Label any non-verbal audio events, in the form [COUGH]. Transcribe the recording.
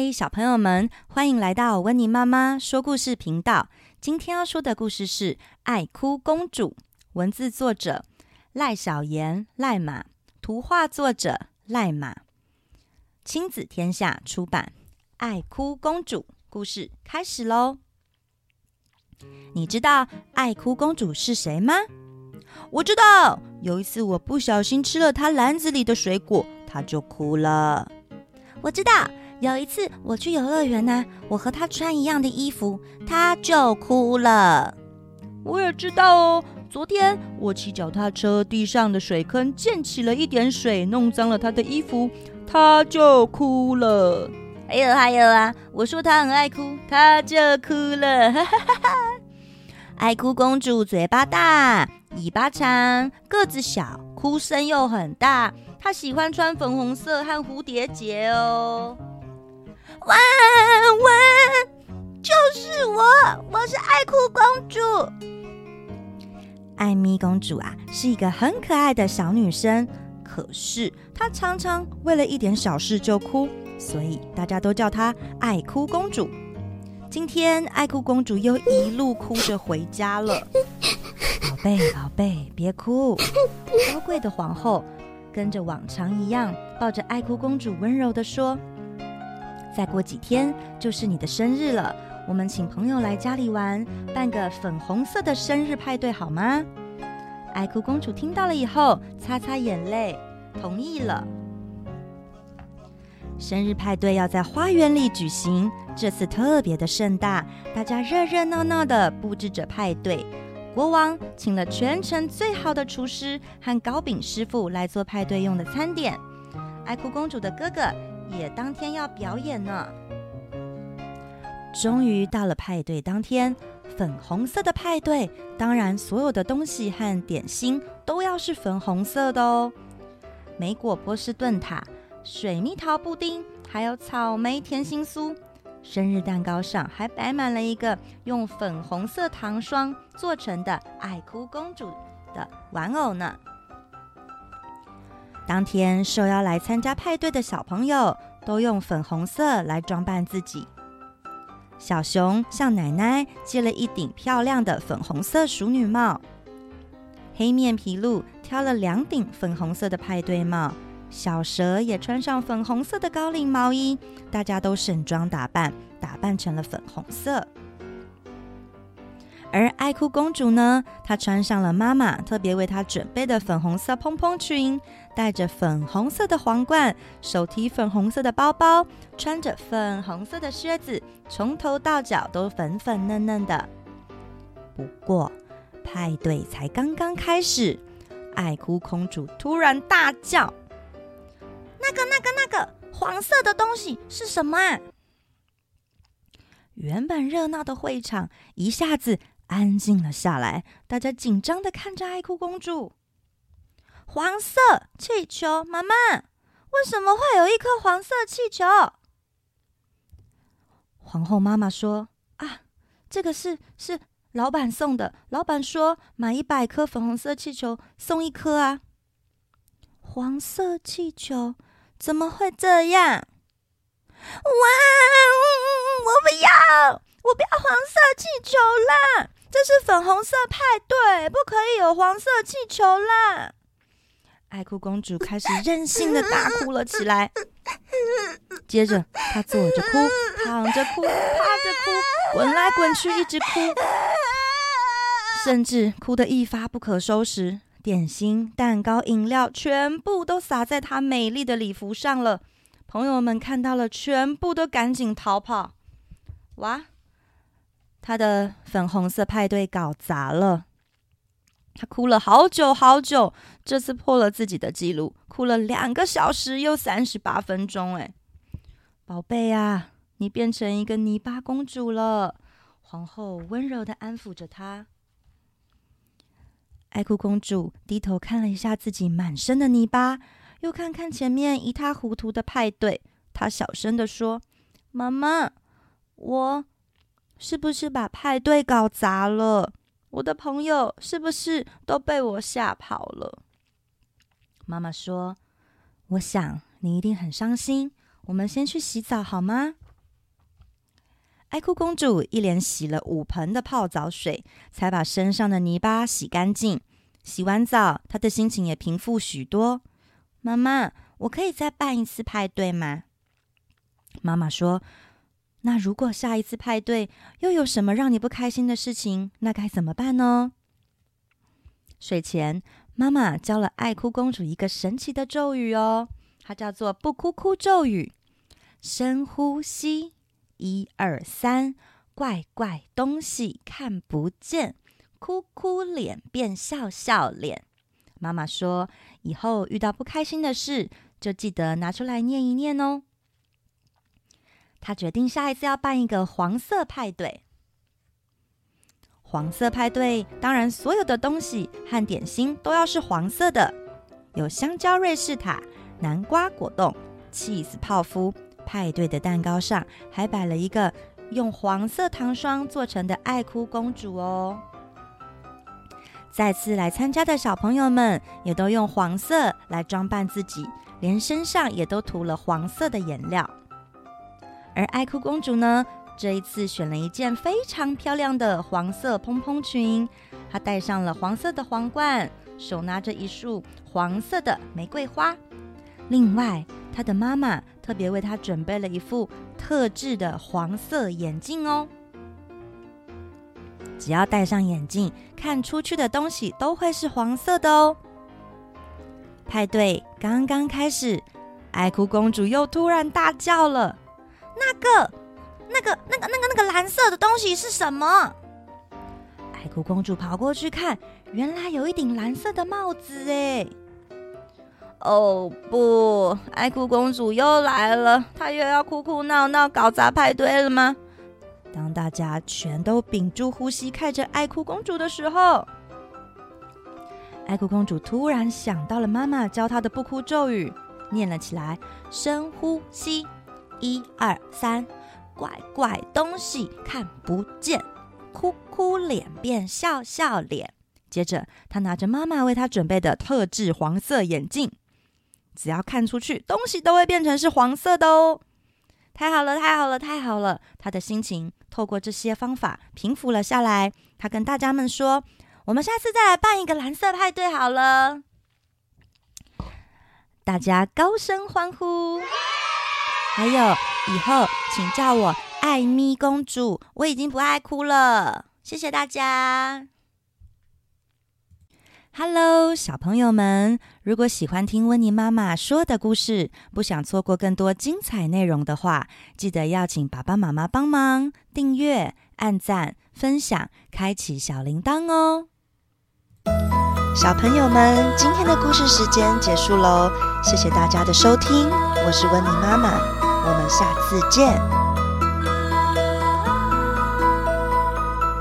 嘿，Hey，小朋友們，歡迎來到溫妮媽媽說故事頻道。今天要說的故事是《愛哭公主》，文字作者賴小妍、賴馬，圖畫作者賴馬，親子天下出版。《愛哭公主》故事開始嘍！你知道愛哭公主是誰嗎？我知道，有一次我不小心吃了她籃子裡的水果，她就哭了。我知道。有一次我去遊樂園呢，我和他穿一樣的衣服，他就哭了。我也知道哦。昨天我騎腳踏車，地上的水坑濺起了一點水，弄髒了他的衣服，他就哭了。還有還有啊！我說他很愛哭，他就哭了。哈哈哈哈哈！愛哭公主嘴巴大，尾巴長，個子小，哭聲又很大。她喜歡穿粉紅色和蝴蝶結哦。哇哇，就是我，我是愛哭公主。愛咪公主啊，是一個很可愛的小女生，可是她常常為了一點小事就哭，所以大家都叫她愛哭公主。今天愛哭公主又一路哭着回家了。寶貝，寶貝，別哭。 [LAUGHS] 高貴的皇後跟着往常一樣，抱着愛哭公主溫柔地說。再過幾天就是你的生日了，我們請朋友來家裡玩，辦個粉紅色的生日派對好嗎？愛哭公主聽到了以後，擦擦眼淚，同意了。生日派對要在花園裡舉行，這次特別的盛大，大家熱熱鬧鬧的佈置着派對。國王請了全城最好的廚師和糕餅師傅來做派對用的餐點。愛哭公主的哥哥。也當天要表演呢。終於到了派對當天，粉紅色的派對，當然所有的東西和點心都要是粉紅色的哦。莓果波士頓塔、水蜜桃布丁，還有草莓甜心酥。生日蛋糕上還擺滿了一個用粉紅色糖霜做成的愛哭公主的玩偶呢。當天受邀來參加派對的小朋友都用粉紅色來裝扮自己。小熊向奶奶借了一頂漂亮的粉紅色淑女帽，黑面皮鹿挑了兩頂粉紅色的派對帽，小蛇也穿上粉紅色的高領毛衣。大家都盛裝打扮，打扮成了粉紅色。而愛哭公主呢？她穿上了媽媽特別為她準備的粉紅色蓬蓬裙，戴著粉紅色的皇冠，手提粉紅色的包包，穿着粉紅色的靴子，從頭到腳都粉粉嫩嫩的。不過，派對才剛剛開始，愛哭公主突然大叫：“那個、那個、那個，黃色的東西是什麼啊？”原本熱鬧的會場一下子，安靜了下來，大家緊張的看着愛哭公主。黃色氣球，媽媽，為什麼會有一顆黃色氣球？皇后媽媽說：“啊，這個是是老板送的，老板說買一百顆粉紅色氣球送一顆啊。”黃色氣球怎麼會這樣？哇，嗯，我不要！我不要黃色氣球啦，這是粉紅色派對，不可以有黃色氣球啦。愛哭公主開始任性的大哭了起來， [LAUGHS] 接着她坐着哭，躺着哭，趴着哭，滾來滾去一直哭，甚至哭得一發不可收拾。點心、蛋糕、飲料全部都灑在她美麗的禮服上了，朋友們看到了全部都趕緊逃跑，哇！他的粉紅色派對搞砸了，他哭了好久好久。這次破了自己的記錄，哭了兩個小時又三十八分鐘、欸。哎，寶貝呀、啊，你變成一個泥巴公主了。皇后溫柔的安撫着她。愛哭公主低頭看了一下自己滿身的泥巴，又看看前面一塌糊塗的派對。她小聲的說：“媽媽，我。”是不是把派對搞砸了？我的朋友是不是都被我嚇跑了？媽媽說：“我想你一定很傷心。我們先去洗澡好嗎？”愛哭公主一連洗了五盆的泡澡水，才把身上的泥巴洗乾淨。洗完澡，她的心情也平復許多。媽媽，我可以再辦一次派對嗎？媽媽說，那如果下一次派對又有什麼讓你不開心的事情，那該怎麼辦呢？睡前，媽媽教了愛哭公主一個神奇的咒語哦，它叫做“不哭哭咒語”。深呼吸，一二三，怪怪東西看不見，哭哭臉變笑笑臉。媽媽說，以後遇到不開心的事，就記得拿出來念一念哦。他決定下一次要辦一個黃色派對。黃色派對，當然所有的東西和點心都要是黃色的，有香蕉瑞士塔、南瓜果凍、起司泡芙。派對的蛋糕上還擺了一個用黃色糖霜做成的愛哭公主哦。再次來參加的小朋友們也都用黃色來裝扮自己，連身上也都塗了黃色的顏料。而愛哭公主呢，這一次選了一件非常漂亮的黃色蓬蓬裙，她戴上了黃色的皇冠，手拿着一束黃色的玫瑰花。另外，她的媽媽特別為她準備了一副特制的黃色眼鏡哦。只要戴上眼鏡，看出去的東西都會是黃色的哦。派對剛剛開始，愛哭公主又突然大叫了。那個，那個，那個，那個，那個藍色的東西是什麼？愛哭公主跑過去看，原來有一頂藍色的帽子。哎，哦不！愛哭公主又來了，她又要哭哭鬧鬧搞砸派對了嗎？當大家全都屏住呼吸看着愛哭公主的時候，愛哭公主突然想到了媽媽教她的不哭咒語，念了起來：深呼吸。一二三，怪怪東西看不見，哭哭臉變笑笑臉。接着，他拿着媽媽為他準備的特制黃色眼鏡，只要看出去，東西都會變成是黃色的哦！太好了，太好了，太好了！他的心情透過這些方法平復了下來。他跟大家們說：“我們下次再來辦一個藍色派對好了。”大家高聲歡呼。 [LAUGHS] 還有，以後請叫我愛咪公主。我已經不愛哭了，謝謝大家。Hello，小朋友們，如果喜歡聽溫妮媽媽說的故事，不想錯過更多精彩內容的話，記得要請爸爸媽媽幫忙訂閱、按讚、分享、開啟小鈴鐺哦。小朋友們，今天的故事時間結束嘍，謝謝大家的收聽，我是溫妮媽媽。我們下次見。